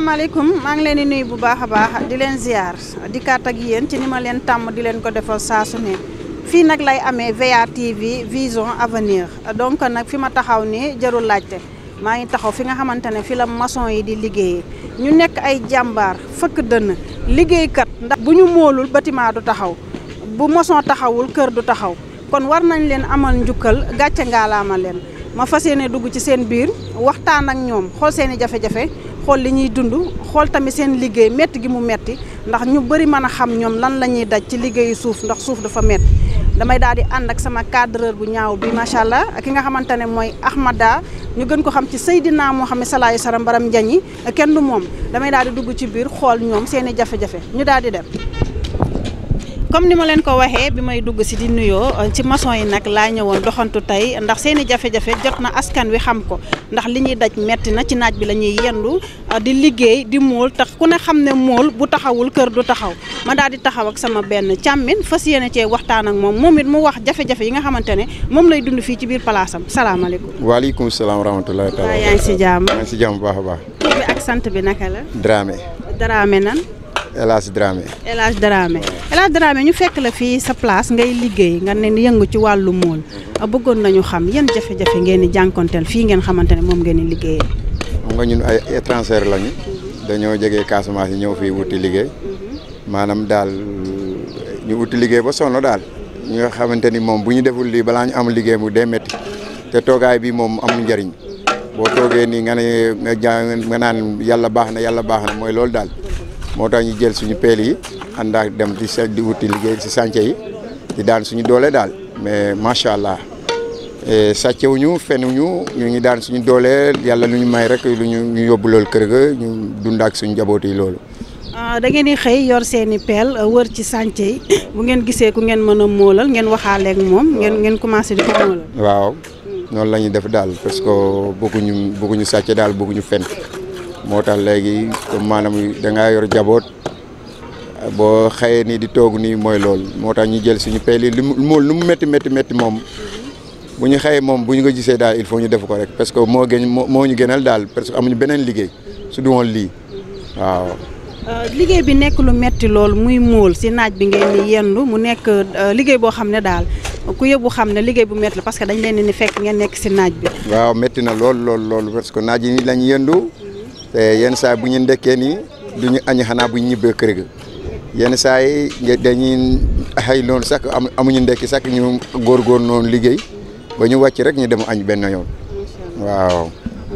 asalaamaaleykum maa ngi leen di nuyu bu baax a baax di leen ziar dikkaat ak yéen ci ni ma leen tàmm di leen ko defal saa su ne fii nag lay amee VA TV vision avenir donc nag fi ma taxaw ni jarul laajte maa ngi taxaw fi nga xamante ne fi la mason yi di liggéeyee ñu nekk ay jàmbaar fëkk dënn liggéeykat ndax bu ñu moolul bâtiment du taxaw bu mason taxawul kër du taxaw kon war nañ leen amal njukkal gàcce ngaalaama leen ma fas yéene dugg ci seen biir waxtaan ak ñoom xool seeni i jafe-jafe xool li ñuy dund xool tamit seen liggéey métti gi mu metti ndax ñu bëri mën a xam ñoom lan la ñuy daj ci liggéeyu suuf ndax suuf dafa metti damay daal di ànd ak sama cadreur bu ñaaw bi macha allah ak ki nga xamante ne mooy Ahmada ñu gën ko xam ci Seydina Mohamed salaayu saram baram njañi kenn du moom damay daal di dugg ci biir xool ñoom seen i jafe-jafe ñu daal di dem comme ni ma kau ko waxe bi may dugg ci di nuyo ci maçon yi nak la ñewon doxantu tay ndax seeni jafé jafe-jafe askan wi xam ko ndax li ñi daj metti na ci naaj bi lañuy yendu ah, di liggéey di mool tax ku ne xam ne mool bu taxawul kër du taxaw ma daal di taxaw ak sama benn chamine fas yéene cee waxtaan ak mom momit mu wax jafe-jafe yi nga xamantene mom lay dund fi ci biir place am salam salaam wa rahmatulah. salam rahmatullahi ta'ala ya ci jamm baax baax. ak sante bi naka Dramé. Dramé nan. Elas Hadj elas El elas Dramé El Hadj Dramé ñu fekk la fii sa place ngay liggéey nga ne yëngu ci wàllu mool mhm. bëggoon nañu xam yan jafe-jafe ngeen di jànkonteel fii ngeen xamante ne moom ngeen di liggéeyee. xam nga ñun ay étranger lañu. dañoo jege Casamance yi ñëw fii wuti liggéey. Mhm. maanaam daal ñu wuti liggéey ba sonn daal. ñi nga xamante ni deful lii balaa ñu am liggéey mu dee métti te toogaay bi moom amul njëriñ boo toogee nii nga ne nga naan yàlla baax na yàlla baax na mooy loolu daal. moo tax ñu jël suñu peel yi ànd ak dem di sa di wuti liggéey ci chantier yi di daan suñu doolee daal mais macha allah sàccewuñu fenuñu ñu ñu ngi daan suñu doole yàlla lu ñu may rek lu ñu ñu yóbbu loolu kër ga ñu dund ak suñu njaboot yi loolu. Ah, da ngeen di xëy yor seen i peel wër ci chantier yi bu ngeen gisee ku ngeen mën a moolal ngeen waxaaleeg moom. ngeen ngeen commencé di ko moolal. waaw noonu la ñuy def daal parce que bëgguñu bëgguñu sàcce daal ñu fen. moo tax léegi comme mu dangaa yor jaboot boo xayee nii di toog nii mooy lool moo tax ñu jël suñu pay li lu mu lu mu metti métti métti moom bu ñu xayee moom bu ñu ko gisee daal il faut ñu def ko rek parce que moo gën moo ñu gënal daal parce que amuñu beneen liggéey su du woon lii waaw. Euh, liggéey bi nekk lu metti lool muy móol si naaj bi ngeen di yendu mu nekk euh, liggéey boo xam ne daal ku yëbu xam ne liggéey bu metti la parce que dañ leen ni fekk ngeen nekk si naaj bi. waaw métti na lool lool lool parce que naaj yi lañ yendu yenn saa bu ñu ndekkee nii du ñu añ xanaa bu ñibbee kër yenn saa yi dañuy xëy loolu sax am amuñu ndekki sax ñu góorgóor noonu liggéey ba ñu wàcc rek ñu dem añ benn yoon waaw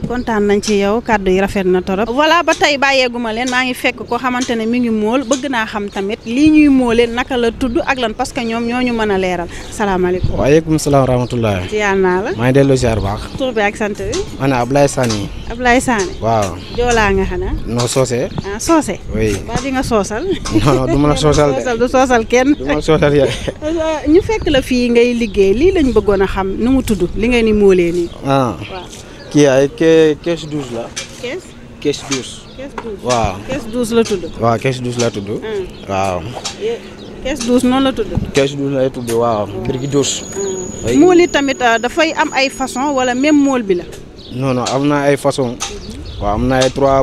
kontaan nañ ci yow kàddu yi rafet na torop voilà ba tey bàyyeeguma leen maa ngi fekk ko xamante ne mi ngi mool bëgg naa xam tamit lii ñuy moolee naka la tudd ak lan parce que ñoom ñoo ñu mën a leeral salaamaaleykum waaleykum salaam rahmatulah ziar la maa ngi delloo ziar baax tur bi ak sant bi man Ablaye Sani Ablaye Sani waaw joolaa nga xana non soosé ah soosé oui ba di nga soosal non non du ma la soosal de sosal du soosal kenn du ma ya ñu fekk la fii ngay liggéey lii lañ bëggoon a xam nu mu tudd li nga ni moolee nii ah 12 ay kees douze la. kees kees douze. douze douze la douze la là. Hmm. douze là la douze là tout hmm. hmm. ah, am façon wala même mool bi la. non non amna ay façon waaw amna ay trois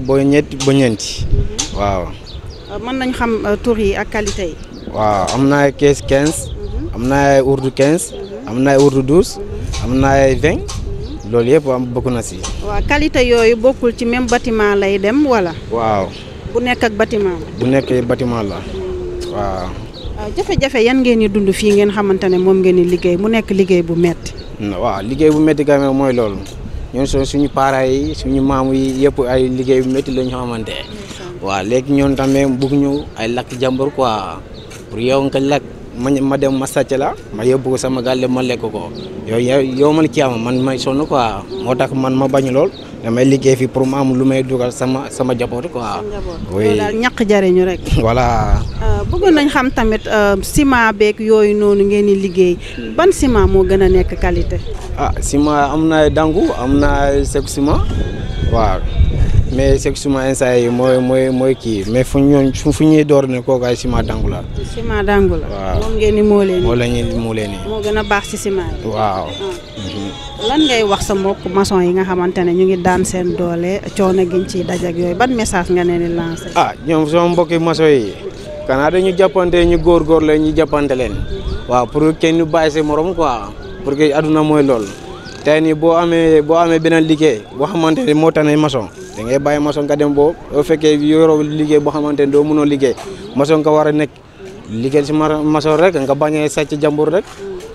waaw. Ah, nañ xam ah, qualité yi. waaw ay quinze. Amna ay 15. Amna ay douze. Amna loolu yëpp am bokk na si. waaw qualité yooyu bokkul ci même bâtiment lay dem wala. waaw. bu nekk ak bâtiment la. bu nekkee bâtiment la waaw. jafe-jafe yan ngeen di dund fii ngeen xamante ne moom ngeen di liggéey mu nekk liggéey bu metti waaw liggéey bu metti kay mooy loolu ñun suñu parents yi suñu maamu yi yëpp ay liggéey bu metti lañu xamante waa léegi ñoon tamit bëgg ñu ay lakk jàmbur quoi pour yow nga lakk. ma ma dem ma sàcc la ma yóbbu sama gàlle ma lekk ko yooyu yow ma man am man may sonn quoi moo tax man ma bañ lool damay liggéey fii pour ma am lu may dugal sama sama jaboot quoi. oui ñàkk jariñu rek. voilà. Euh, bëggoon nañ xam tamit euh, ciment beeg yooyu noonu ngeen di liggéey ban ciment moo gën a nekk qualité. ah ciment am na dangu am na sec ciment waaw. mais c'est suma instant yi mooy mooy mooy kii mais fu ñooñ fu ñuy door ne kooku ay ciment dangu la. ciment dangu la. waaw moom ngeen di moolee nii. moo la ñuy moolee nii. moo gën a baax ci ciment bi. waaw. Ah. wax sa mbokk maçon yi nga xamante ne ñu ngi daan seen doole coono giñ ciy dajak yooyu ban message nga leen di ah ñoom sama mbokki maçon yi. kanaa dañu jàppante ñu góorgóor la ñu jàppante leen. waaw pour kenn ñu bàyyi morom quoi. pour que aduna mooy lool. tey nii boo amee boo amee beneen liggéey boo xamante ne moo tane maçon. da ngay bàyyi maçon nga dem boo boo fekkee yoroo liggéey boo xamante ne doo mënoo liggéey maçon nga war a nekk liggéey si maçon rek nga bañee sàcc jàmbur rek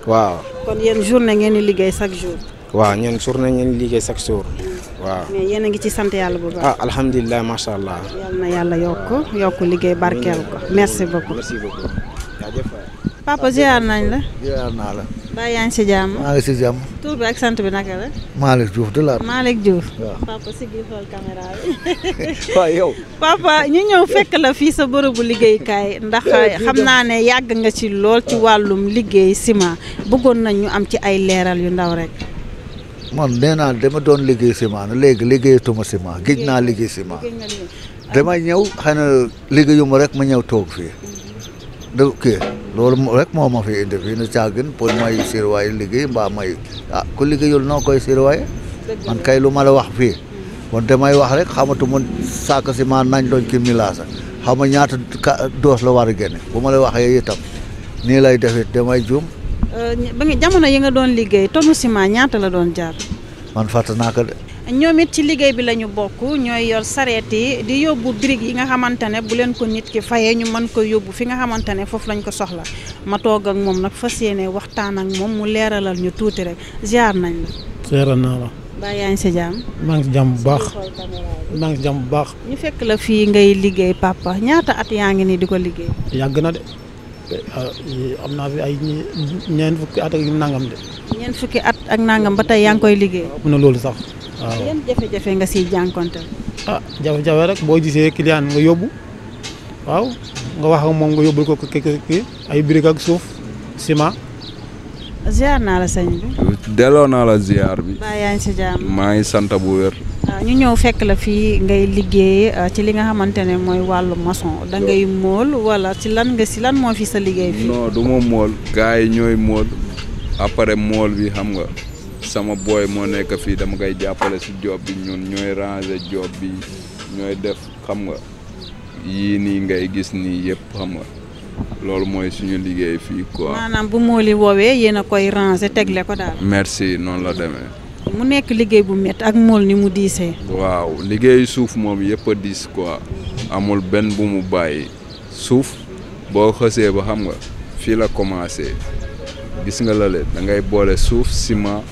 waaw. kon yéen journée ngeen di liggéey chaque jour. waaw ñun journée ngeen di liggéey chaque jour. waaw mais a ngi ci sant yàlla bu baax. ah alhamdulilah macha allah. yal na yàlla yokk yokk liggéey barkeel ko. merci beaucoup papa ziar nañ la. ziar naa la. mbaa yaa si jàmm. maa si jàmm. tur bi ak sant bi naka la. Malick Diouf de la. Malick Diouf. papa yow. papa ñu ñëw fekk la fii sa bërëbu liggéeykaay ndax xam naa ne yàgg nga ci lool ci wàllum liggéey ciment bëggoon nañ ñu am ci ay leeral yu ndaw rek. man nee dama doon liggéey ciment léegi liggéeyatuma ciment géej naa liggéey ciment. dama ñëw xëy na liggéeyuma rek ma ñëw toog fii. Mm-hmm. da kii. loolu rek moo ma fi indi fii nu caagin pour may surveiller liggéey mbaa may ah ku liggéeyul noo koy surveiller man kay lu ma la wax fii kon mm-hmm. damay wax rek xamatu ma saako si ma nañ doon kii milaasa xam nga ñaata doos la war a génne bu ma la waxee itam nii lay defit damay juum. Euh, ba jamono yi nga doon liggéey tonu ciment ñaata la doon jaar. man fàtte naa ko de. ñoom it ci liggéey bi lañu bokk ñooy yor sareet yi di yóbbu birig yi nga xamante ne bu leen ko nit ki fayee ñu mën ko yóbbu fi nga xamante foofu lañ ko soxla ma toog ak moom nag fas yéene waxtaan ak moom mu leeralal ñu tuuti rek ziar nañ la. ziaral naa la. ba yaa ngi si jàmm. maa ngi jàmm bu baax maa ngi jàmm bu baax. ñu fekk la fii ngay liggéey papa ñaata at yaa ngi nii di ko liggéey. yàgg na de eh, am naa fi ay fukki at ak nangam de. fukki at ak nangam ba tey yaa ngi koy liggéey. na loolu sax waaw yan jafe-jafe nga siy jànkonteel. ah jafe-jafe rek boo gisee client nga yóbbu waaw nga wax ak moom nga yóbbul ko kii ay briques ak suuf ciment. ziar naa la sëñ bi. delloo naa la ziar bi. baa yaa ngi si jàmm. maa ngi sant bu wér. Ah, ñu ñëw fekk la fii ngay liggéey ah, ci li nga xamante ne mooy maçon da ngay mool wala ci lan nga si lan moo fi sa liggéey fii. non du ma mool. gars yi mool après mool bi xam nga. sama booy moo nekk fii dama koy jàppale si job bi ñun ñooy ranger job bi ñooy def xam nga yii nii ngay gis nii yëpp xam nga loolu mooy suñu liggéey fii quoi. maanaam bu moo li woowee yéen a koy ranger tegle ko daal. merci noonu la demee. mu nekk liggéey bu métti ak mool ni mu diisee. waaw liggéeyu suuf moom yëpp a diis quoi amul benn bu mu bàyyi suuf boo xësee ba xam nga fii la commencé gis nga la le da ngay boole suuf ciment.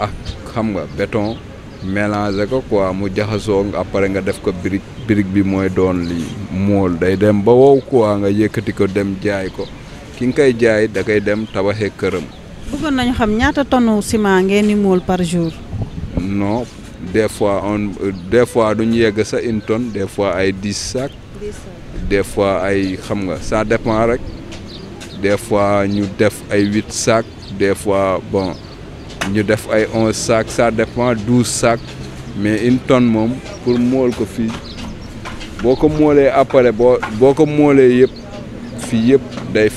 ak xam nga béton mélanger ko quoi mu jaxaso nga après nga def ko brick brick bi moy don li mol day dem ba wow quoi nga yëkkati ko dem jaay ko ki nga koy jaay da kay dem tabaxee këram bëggoon nañu xam ñaata tonne ciment ngeen ni mol par jour non des fois on des fois duñ yegg sa une tonne des fois ay 10 sac des fois ay xam nga ça dépend rek des fois ñu def ay 8 sac des fois bon Nous def ay un sacs ça dépend 12 sacs mais une tonne pour moi ko je suis molé après boko molé day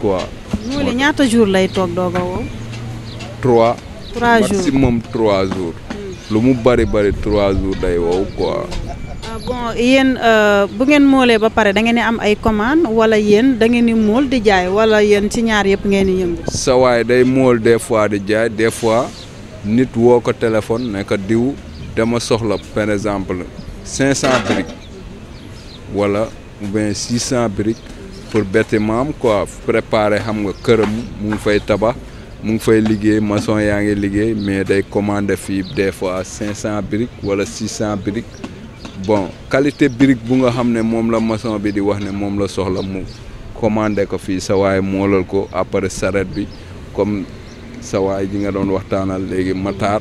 quoi. molé ñaata jours lay tok trois. jours maximum trois jours. Hmm. lu mu bari bari trois jours quoi. bon yéen euh, bu ngeen moolee ba pare da ngeen di am ay commande wala yéen da ngeen di mool di jaay wala yéen ci ñaar yëpp ngeen di yëngu. sa day mool des fois di jaay des fois nit woo ko téléphone ne diw dama soxla par exemple cinq cent briques wala ou cent briques pour bâtiment am quoi préparer xam nga këram mu ngi fay tabax mu ngi fay liggéey maçon yaa ngi liggéey mais day commander fii des fois cinq cent briques wala six cent briques. bon qualité brique bu nga xamné mom la maçon bi di wax né mom la soxla mu commander ko fi sa waay moolal ko après saret bi comme sa way gi nga don waxtanal légui matar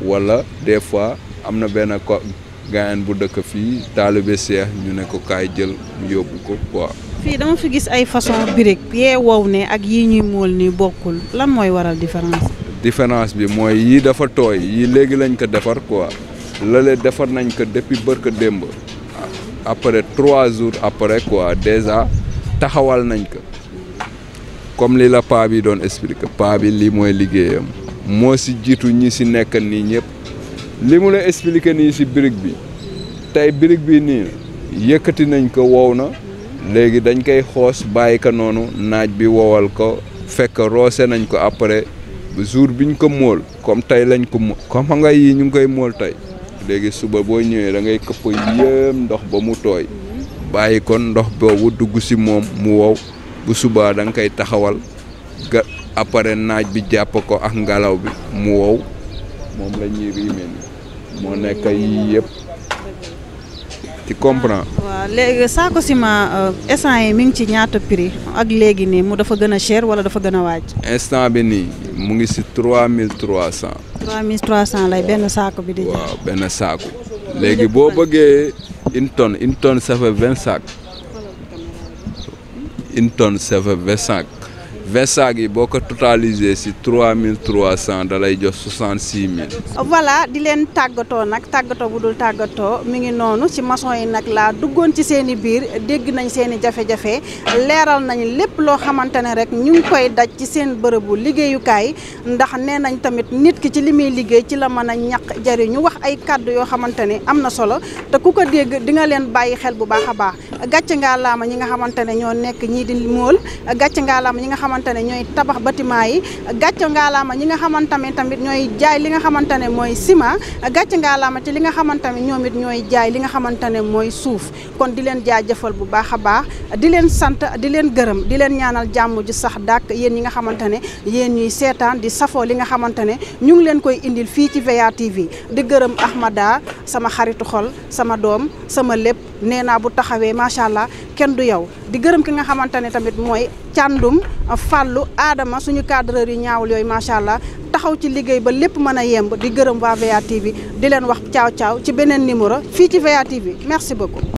wala des fois amna ben benn ko gaayan bu dëkk fi talibé cheikh ñu ne ko kay jël yobbu ko quoi fi dama fi gis ay façon brique yee wow né ak yi ñuy mol ni bokul lan moy waral différence différence bi moy yi dafa toy yi légui lañ ko défar quoi lële defoon nañ ko depuis bërka démb après trois jours après quoi déjà taxawal nañ ko comme lii la paa bi doon expliqué paa bi lii mooy liggéeyam moo si jiitu ñi si nekk nii ñëpp lii mu la expliqué nii si brique bi tey brique bi nii yëkkati nañ ko wow na léegi dañ koy xoos bàyyi ko noonu naaj bi wowal ko fekk roose nañ ko après jour biñ ko móol comme tey lañ ko móol comme xam nga ñu ngi koy móol tey legi suba bo ñëwee da ngay kepp yëm ndox ba mu toy bàyyi kon ndox boobu dugg ci mom mu wow bu suba da nga taxawal ga après naaj bi japp ko ak ah ngalaw bi mu wow mom la ñuy riimee ni mo nekk yii yëpp ci comprend waaw léegi saako ciment euh, instant yi mi ngi ci ñaata prix ak legi ni mu dafa gëna cher wala dafa gëna waaj instant bi ni mu ngi ci 3300 3300 lay benn saako bi di jar. waaw benn saako. léegi boo bëggee une tonne une tonne ça fait vingt sacs une tonne ça fait vingt sacs. vingt yi boo ko totalisé si trois mille trois cent da lay jox soixante di leen tàggatoo nag tàggatoo bu dul tàggatoo mi ngi noonu ci mason yi nag laa duggoon ci seen i biir dégg nañ seen i jafe-jafe leeral nañ lépp loo xamante ne rek ñu ngi koy daj ci seen bërëbu liggéeyukaay ndax nee nañ tamit nit ki ci li muy liggéey ci la mën a ñàq jariñu wax ay kàddu yoo xamante ne am na solo te ku ko dégg di nga leen bàyyi xel bu baax a baax gàcce ngaalaama ñi nga xamante ne ñoo nekk ñi nga xamante ne ñooy tabax bâtiment yi gàcce ngaalaama ñi nga xamante tamit ñooy jaay li nga xamante ne mooy ciment gàcce ngaalaama ci li nga xamante ne ñoom it ñooy jaay li nga xamante ne mooy suuf kon di leen jaajëfal bu baax a baax di leen sant di leen gërëm di leen ñaanal jàmm ju sax dàkk yéen ñi nga xamante ne yéen ñuy seetaan di safoo li nga xamante ne ñu ngi leen koy indil fii ci VA TV di gërëm Ahmada sama xaritu xol sama doom sama lépp nee naa bu taxawee macha allah kenn du yow di gërëm ki nga xamante ne tamit mooy càndum fàllu aadama suñu cadreur yi ñaawul yooyu macha allah taxaw ci liggéey ba lépp mën a yemb di gërëm waa VA TV di leen wax caaw caaw ci beneen numéro fii ci VA TV merci beaucoup.